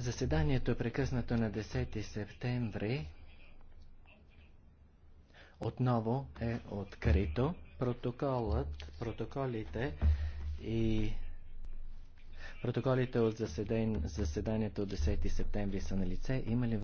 Заседанието е прекъснато на 10 септември. Отново е открито. Протоколът, протоколите и протоколите от заседанието от 10 септември са на лице. Има ли